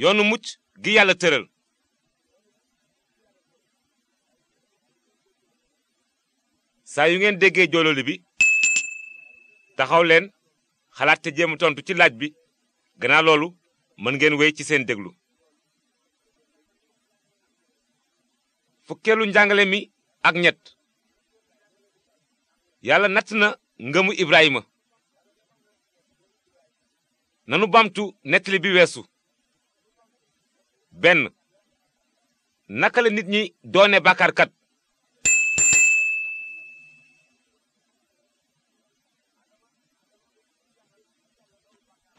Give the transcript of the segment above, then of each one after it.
yoonu mucc gi yàlla tëral saa yu ngeen déggee joololi bi taxaw leen xalaat te jéem tontu ci laaj bi gannaaw loolu mën ngeen wéy ci seen déglu fukkeelu njàngale mi ak ñett yàlla natt na ngëmu Ibrahima nanu bamtu nettali bi weesu benn naka la nit ñi doone bàkkaarkat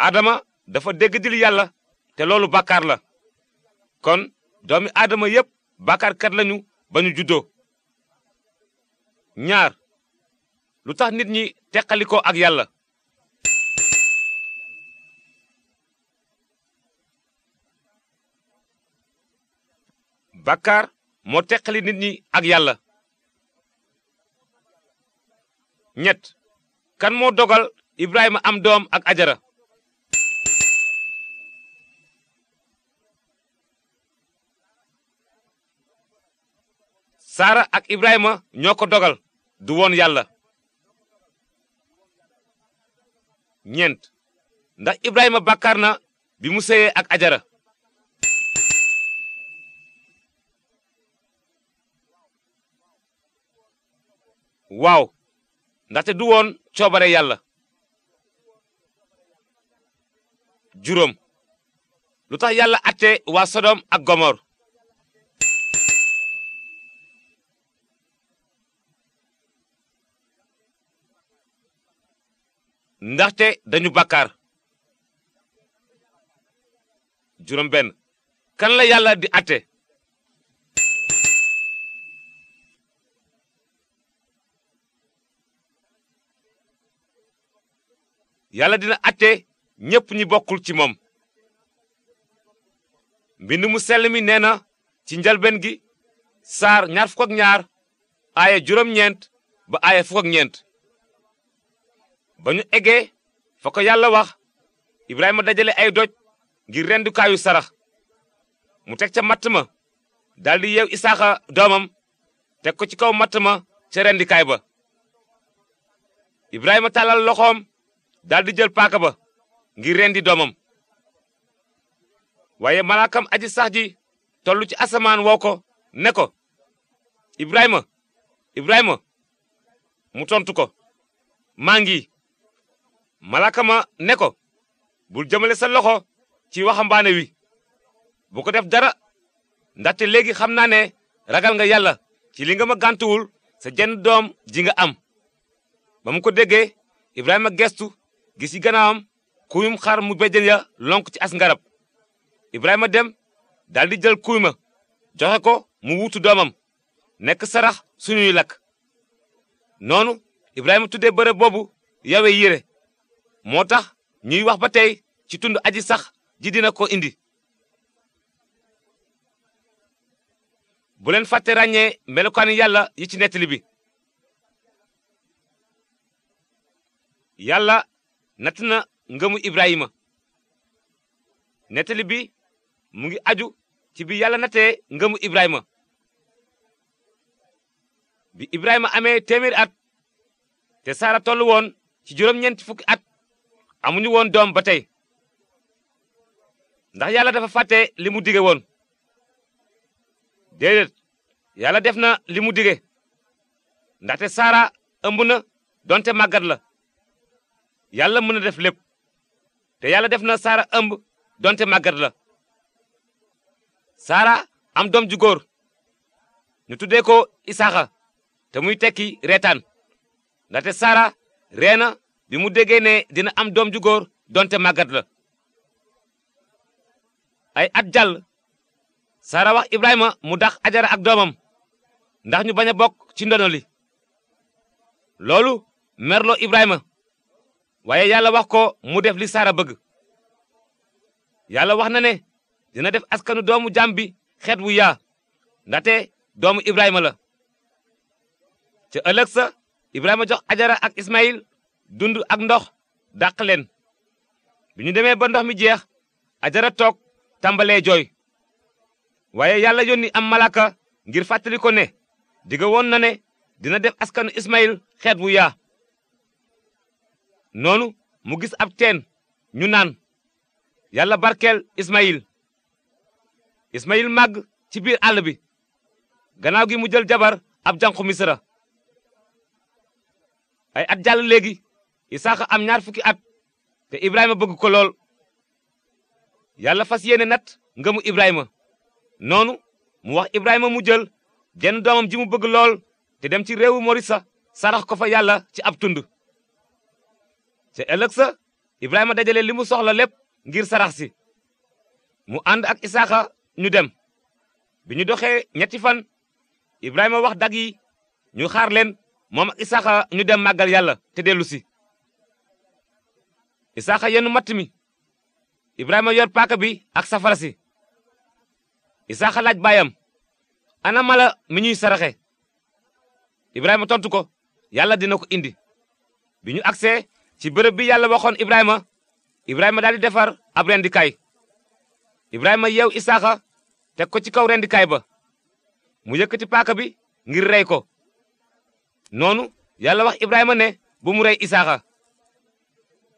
aadama dafa dégg dil yàlla te loolu bàkkaar la kon doomi aadama yépp bàkkaarkat lañu ba ñu juddoo ñaar lu tax nit ñi teqalikoo ak yàlla bàkkaar moo teqali nit ñi ak yàlla ñett kan moo dogal Ibrahima am doom ak ajara Saara ak Ibrahima ñoo ko dogal du woon yàlla ñeent ndax Ibrahima bàkkaar na bi mu séyee ak ajara waaw ndaxte du woon coobare yàlla juróom lu tax yàlla atte waa sodom ak gomor ndaxte dañu bàkkaar juróom benn kan la yàlla di atte yàlla dina àtte ñépp ñi bokkul ci moom mbind mu sell mi nee na ci njalben gi saar ñaar fukk ak ñaar aaya juróom-ñeent ba aaya fukk ak ñeent ba ñu eggee fa ko yàlla wax ibrahima dajale ay doj ngir rendukaayu sarax mu teg ca matt ma daldi yeew isaaxa doomam teg ko ci kaw matt ma ca rendikaay ba ibrahima tàllal loxoom daldi jël paaka ba ngir rendi doomam waaye malaakam aji sax ji tollu ci asamaan woo ko ne ko ibrahima ibrahima mu tontu ko maa ngi malaaka ne ko bul jëmale sa loxo ci waxambaane wi bu ko def dara ndaxte léegi xam naa ne ragal nga yàlla ci li nga ma gàntuwul sa jenn doom ji nga am ba mu ko déggee ibrahima gestu gis ci gannaawam kuyum xar mu béjjën ya lonk ci as ngarab ibrahima dem daldi jël kuy ma joxe ko mu wuutu doomam nekk sarax suñuy lakk noonu ibrahima tuddee bërëb boobu yawe yére moo tax ñuy wax ba tey ci tund aji sax ji dina ko indi bu leen fàtte ràññee melokaani yàlla yi ci nettali bi natna na ngëmu Ibrahima nettali bi mu ngi aju ci bi yàlla nattee ngëmu Ibrahima bi Ibrahima amee téeméeri at te Saara toll woon ci juróom-ñeenti fukki at amuñu woon doom ba tey ndax yàlla dafa fàtte li mu dige woon déedéet yàlla def na li mu dige ndaxte Saara ëmb na donte màggat la. yàlla mën a def lépp te yàlla def na saara ëmb donte màggat la saara am doom ju góor ñu tuddee ko isaaxa te muy tekki reetaan ndaxte saara reena bi mu déggee ne dina am doom ju góor donte màggat la ay at jàll saara wax ibrahima mu dax ajara ak doomam ndax ñu bañ a bokk ci ndono li loolu merloo ibrahima waaye yàlla wax ko mu def li saara bëgg yàlla wax na ne dina def askanu doomu jaam bi wu yaa ndaxte doomu ibrahima la ca ëllëg sa ibrahima jox ajara ak ismail dund ak ndox dàq leen bi ñu demee ba ndox mi jeex ajara toog tàmbalee jooy waaye yàlla yónni am malaka ngir fàttali ko ne diga woon na ne dina def askanu ismail xeet wu yaa noonu mu gis ab teen ñu naan yàlla barkeel Ismaïl ismayil màgg ci biir àll bi gannaaw gi mu jël jabar ab janq misra ay at jàll léegi Isaaxa am ñaar fukki at te Ibrahima bëgg ko lool yàlla fas yéene nat ngëmu Ibrahima noonu mu wax Ibrahima mu jël jenn doomam ji mu bëgg lool te dem ci réewu Morisa sarax ko fa yàlla ci ab tund ca ëllëg sa Ibrahima dajale li mu soxla lépp ngir sarax si mu ànd ak Isaaxa ñu dem bi ñu doxee ñetti fan Ibrahima wax dag yi ñu xaar leen moom ak Isaaxa ñu dem màggal yàlla te dellu si. Isaaxa yenu matt mi Ibrahima yor paaka bi ak safara si Isaaxa laaj baayam ana mala mi ñuy saraxe Ibrahima tontu ko yàlla dina ko indi bi ñu agsee ci bërëb bi yàlla waxoon Ibrahima Ibrahima daal defar ab rendikaay Ibrahima yeew Isaaxa teg ko ci kaw rendikaay ba mu yëkkati paaka bi ngir rey ko noonu yàlla wax Ibrahima ne bu mu rey Isaaxa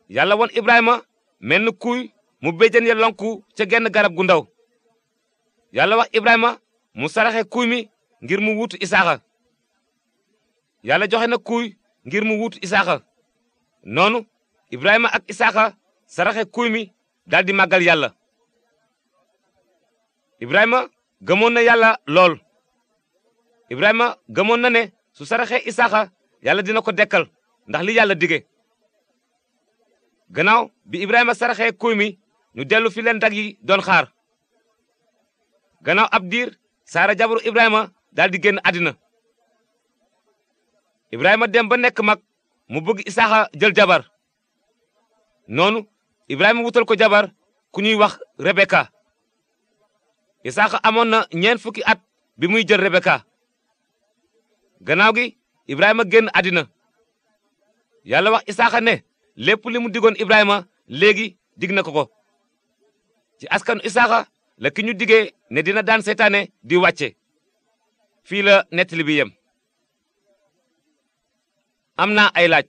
yàlla woon Ibrahima menn kuuy mu béjjën ya lonku ca genn garab gu ndaw yàlla wax Ibrahima mu saraxe kuuy mi ngir mu wut Isaaxa yàlla joxe na kuuy ngir mu wut Isaaxa noonu Ibrahima ak Isaaxa saraxe kuy mi daal di màggal yàlla Ibrahima gëmoon na yàlla lool Ibrahima gëmoon na ne su saraxee Isaaxa yàlla dina ko dekkal ndax li yàlla dige gannaaw bi Ibrahima saraxee kuy mi ñu dellu fi leen dag yi doon xaar gannaaw ab diir saara jabaru Ibrahima daal di génn àddina Ibrahima dem ba nekk mag mu bëgg isaaxa jël jabar noonu ibrahima wutal ko jabar ku ñuy wax rebeka isaaxa amoon na ñeent fukki at bi muy jël rebeka gannaaw gi ibrahima génn àddina yàlla wax isaaxa ne lépp li mu digoon ibrahima léegi dig na ko ko ci askanu isaaxa la ki ñu digee ne dina daan seytaane di wàcce fii la nettali bi yem am na ay laaj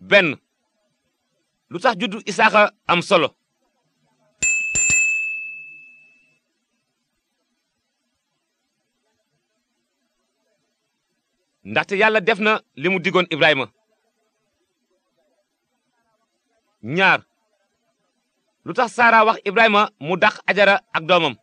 benn lu tax juddu Isaaxa am solo ndaxte yàlla def na li mu digoon Ibrahima ñaar lu tax Saara wax Ibrahima mu dàq Ajara ak doomam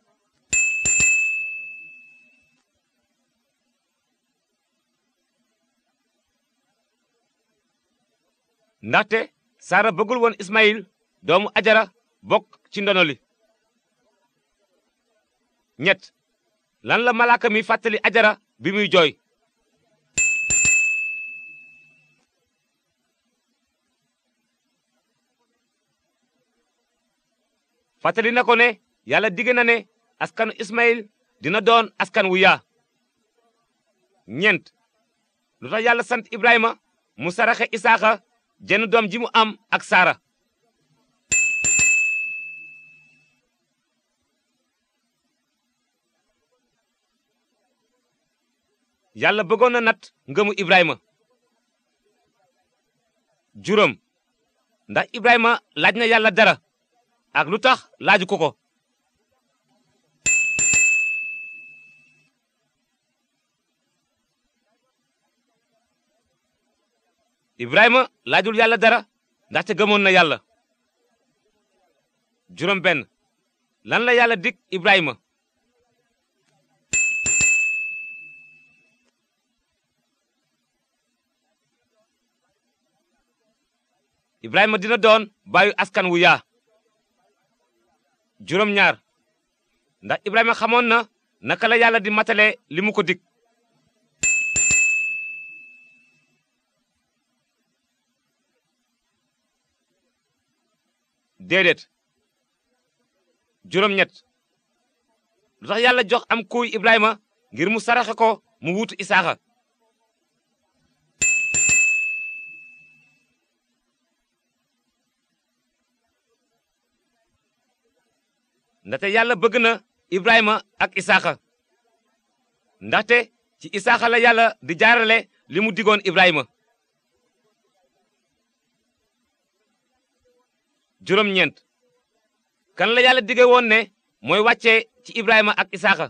ndaxte saara bëggul woon ismayil doomu ajara bokk ci ndono li ñett lan la malaaka mi fàttali ajara bi muy jooy fàttali na ko ne yàlla digg ne askanu ismayil dina doon askan wu ñent ñeent lu sant ibrahima mu saraxe isaaxa jenn doom ji mu am ak saara yàlla bëggoona na nat ngëmu ibrahima juróom ndax ibrahima laaj na yàlla dara ak lu tax laaju ko ko Ibrahima laajul yàlla dara ndaxte gëmoon na yàlla. juróom lan la yàlla dig Ibrahima. Ibrahima dina doon baayu askan wu yaa. ndax Ibrahima xamoon na naka la yàlla di matale li mu ko dig. déedéet juróom-ñett lu tax yàlla jox am kuy Ibrahima ngir mu saraxa ko mu wuutu Isaaxa. ndaxte yàlla bëgg na Ibrahima ak Isaaxa ndaxte ci Isaaxa la yàlla di jaarale li mu digoon Ibrahima. juróom-ñeent kan la yàlla digga woon ne mooy wàcce ci Ibrahima ak isaaka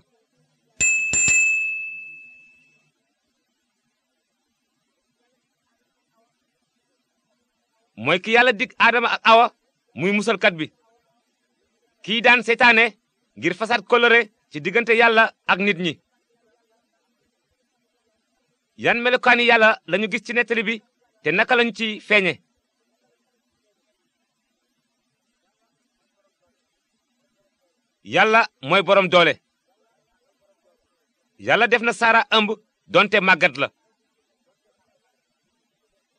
mooy ki yàlla dig Adama ak Awa muy musalkat bi kii daan seetaane ngir fasaat kolore ci diggante yàlla ak nit ñi yan melokaani yàlla lañu gis ci nettali bi te naka lañu ci feeñe yàlla mooy boroom doole yàlla def na saara ëmb donte màggat la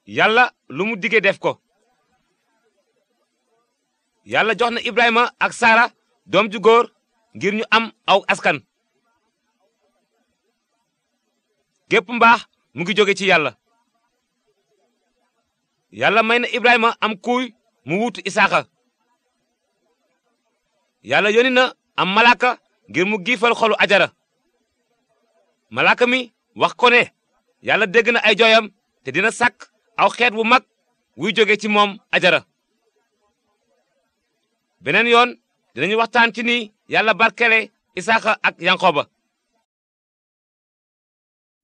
yàlla lu mu diggee def ko yàlla jox na ibrahima ak saara doom ju góor ngir ñu am aw askan gépp mbaax mu ngi jóge ci yàlla yàlla may na ibrahima am kuuy mu wuutu isaaka yàlla yónni na am malaaka ngir mu giifal xolu ajara malaaka mi wax kone ne yàlla dégg na ay jooyam te dina sàkk aw xeet wu mag wuy jóge ci moom ajara beneen yoon dinañu waxtaan ci ni yàlla barkele isaaka ak yanqooba